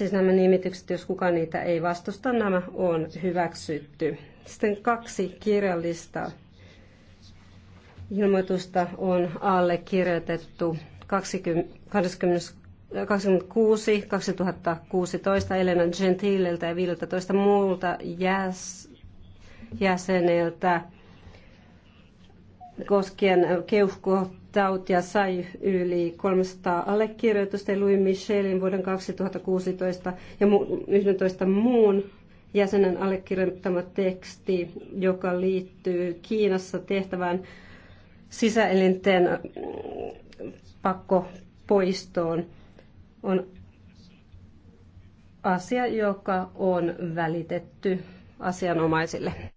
Siis nämä nimitykset, jos kukaan niitä ei vastusta, nämä on hyväksytty. Sitten kaksi kirjallista ilmoitusta on allekirjoitettu 20, 26 2016 Elena Gentileltä ja 15 muulta jäs, jäseneltä koskien keuhkotautia sai yli 300 allekirjoitusta ja Michelin vuoden 2016 ja 11 muun jäsenen allekirjoittama teksti, joka liittyy Kiinassa tehtävään sisäelinten mm, pakkopoistoon, on asia, joka on välitetty asianomaisille.